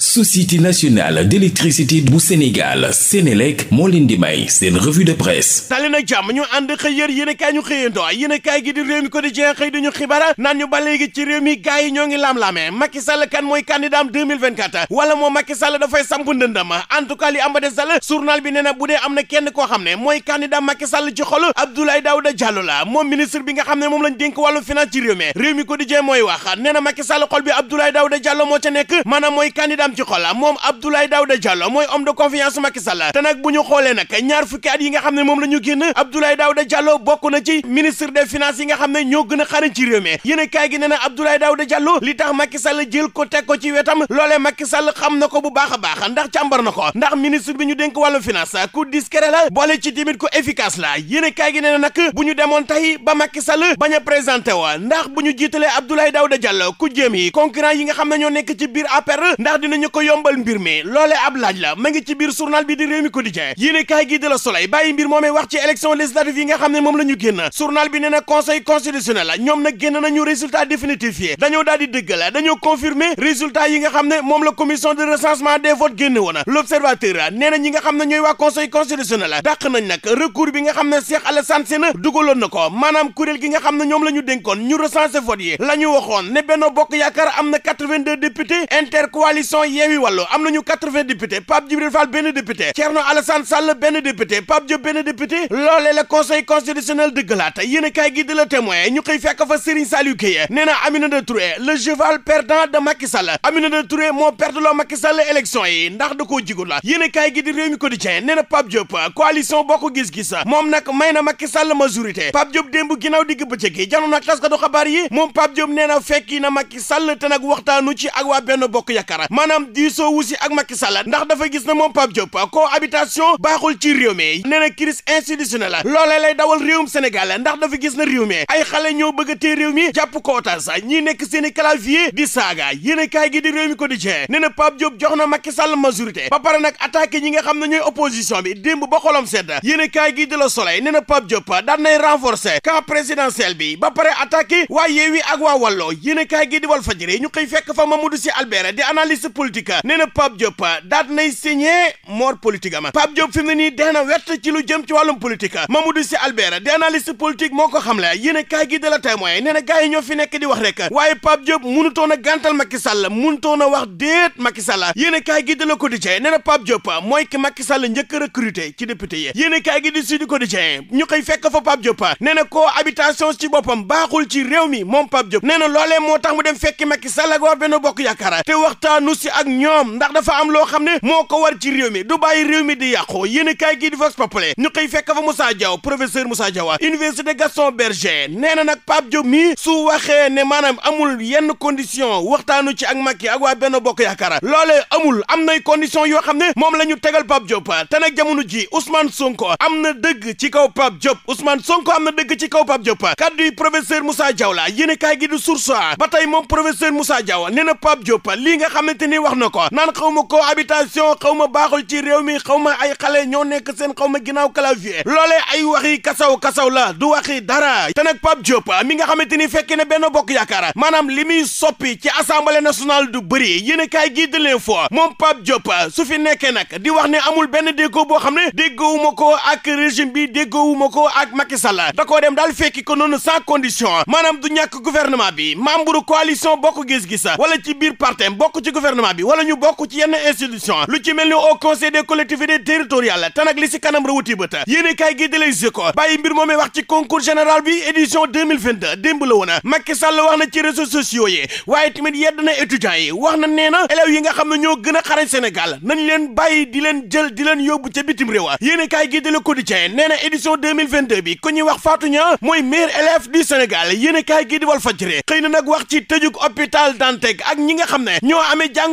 société nationale d'électricité bu Sénégal Sénélec moo leen di may de presse tali nag jàmm ñu ànd xëy yér kaay ñu xëyandoo yéen kaay gi di réew mi quotidien xëy dañu xibara naan ñu ba léegi ci réew mi ñoo ngi laam-laamee Macky Sall kan mooy candidat am 2024 wala moom Macky dafay samp ndëndam en tout cas li am ba des bi nee bu dee am na kenn koo xam ne mooy candidat Macky Sall ci xol Abdoulaye Daouda Diallo la moom ministre bi nga am ci xolam moom Abdoulaye Daouda Diallo mooy homme de confiance Macky Sall te nag bu ñu xoolee nag ñaar fukki at yi nga xam ne moom la ñu génn Abdoulaye Daouda Diallo bokk na ci ministre des finances yi nga xam ne ñoo gën a xarañ ci réew mi yéen kaay gi nee na Abdoulaye Daouda li tax Macky Sall ko teg ko ci wetam loolee Macky xam na ko bu baax a baax ndax càmbar na ko ndax ministre bi ñu dénk wàllu finance ku discret la boole ci tamit ku efficace a présenté wa ndax bu ñu jiitalee Abdoulaye Daouda Diallo ku jéem xam ne ñoo nekk ci biir dinañu ko yombal mbir mi loolee ab laaj la ma ngi ci biir journal bi di réew mi quotidien yéene kaay gi de la Soleil bàyyi mbir moomee wax ci élection législative yi nga xam ne moom la ñu génn journal bi nee na conseil constitutionnel la ñoom nag génn nañu résultat définitif yi dañoo daal di dëggal dañoo confirmer résultat yi nga xam ne moom la commission de recensement des votes génn woon l'observateur nee na ñi nga xam ne ñooy waa conseil constitutionnel la dàq nañ nag recours bi nga ñoom la ñu dénkoon ñu recenser vote yi coalition Yewwi Wallu am nañu 80 députés Pape Djibril Fall benn député Thierno Alassane Sall benn député Pape Diop benn député loolee la conseil constitutionnel dëggalaat yéen a kaay gi di la témoin ñu koy fekk fa Serigne Saliou Guèye nee na Aminata Touré le cheval perdant de Macky Sall Aminata Touré moo perdloo Macky Sall élection yi ndax da koo jigul la yéen a kaay di Rewmi Quotidien nee na Pape Bokk Gis Gis moom nag may na Macky Sall majorité Pape Diop démb gi janoon ak taskatu xabaar yi moom Pape Diop nee na fekki na Macky maanaam diisoo wu si ak Macky Sall ndax dafa gis na moom Pape Diop cohabitation baaxul ci réew mi nee na crise institutionnelle la loolee lay dawal réewum Sénégal ndax dafa gis na réew mi ay xale ñoo bëgg a téye réew mi jàpp ko sa ñi nekk seen i di saaga yéen kaay gi di réew mi quotidien nee na Pape Diop jox na Macky Sall ba pare nag attaqué ñi nga xam ne ñooy opposition bi démb ba xolam sedd yéen kaay gi di la soleil nee na Pape Diop daan fa Mamadou Sy Albert politique nee na Pape Diop daat nay signé mort politique ama Pape Diop fi mu ne nii dee na wett ci lu jëm ci wàllum politique Mamadou Sy Albert di analyste politique moo ko xamle yéen a kaay gi de la témoin nee na gars yi ñoo fi nekk di wax rek waaye Pape Diop mënutoon a gàntal Macky Sall mënutoon a wax déet Macky Sall yéen a kaay gi de la Quotidien nee na Pape Diop mooy ki Macky Sall njëkk a recruté ci député yi yéen a kaay gi di Sud ñu koy fekk fa Pape Diop réew mi moom Pape Diop nee moo tax mu dem fekki Macky ak ñoom ndax dafa am loo xam ne moo ko war ci réew mi du bàyyi réew mi di yàqu yéen a kaay gii di Vox Populi ñu koy fekk fa Moussa Diaw professeur Gaston Berger nee na nag Pape Diop mii su waxee ne maanaam amul yenn condition waxtaanu ci ak Macky ak waa benn bokk yaakaar loolee amul am nay condition yoo xam ne moom la ñu tegal Pape Diop te nag jamono ji Ousmane Sonko am na dëgg ci kaw Pape Diop Ousmane Sonko am na dëgg ci kaw Pape Diop kaddu yi professeur Moussa Diaw la yéen a kaay gii di Source A moom professeur Moussa Diaw nee na Pape Diop lii nga xamante ni wax na ko naan xaw ma cohabitation xaw ma baaxul ci réew mi xaw ma ay xale ñoo nekk seen xaw ma ginnaaw clavier loolee ay waxi kasaw kasaw la du waxi dara te nag Pape Diop mi nga xamante ni fekkee ne benn bokk yaakaar maanaam li muy soppi ci assemblée nationale du bëri yéen a kaay gii di l'info moom Pape Diop su fi nekkee nag di wax ne amul benn déggoo boo xam ne déggoowuma ko ak régime bi déggoowuma ko ak Macky Sall da koo dem daal fekki ko noonu sans condition maanaam du ñàkk gouvernement bi membre coalition bokk gis-gis wala ci biir partem bokk ci gouvernement gouvernement bi wala ñu bokk ci yenn institution lu ci mel ni au conseil des collectivités territoriales te nag li si kanam rawuti bët yéen i kaay gi di lay mbir moomee wax ci concours général bi édition 2022 démb la woon Macky Sall wax na ci réseaux sociaux yi waaye tamit yedd na étudiants yi wax na nee na yi nga xam ne ñoo gën xarañ Sénégal nañ leen bàyyi di leen jël di yóbbu ca bitim réew yéen i kaay gi di la quotidien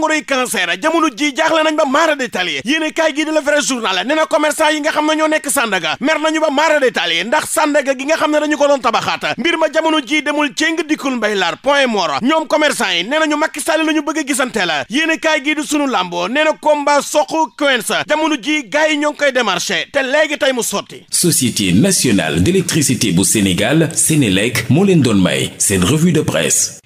jàngoroy cancer jamono ji jaaxle nañ ba maara détaillé yéene kaay gi di la vrai journal nee na commerçant yi nga xam ne ñoo nekk Sandaga mer nañu ba maara détaillé ndax Sandaga gi nga xam ne dañu ko doon tabaxaat mbir ma jamono jii demul céng dikkul mbay laar point mort ñoom commerçant yi nee nañu Macky Sall la ñu bëgg a gisante la yéene kaay gi di sunu làmbo nee na combat soq coins jamono ji gars yi ñoo ngi koy démarché te léegi tey mu sotti Société nationale d'électricité bu Sénégal Sénélec moo leen doon may seen revue de presse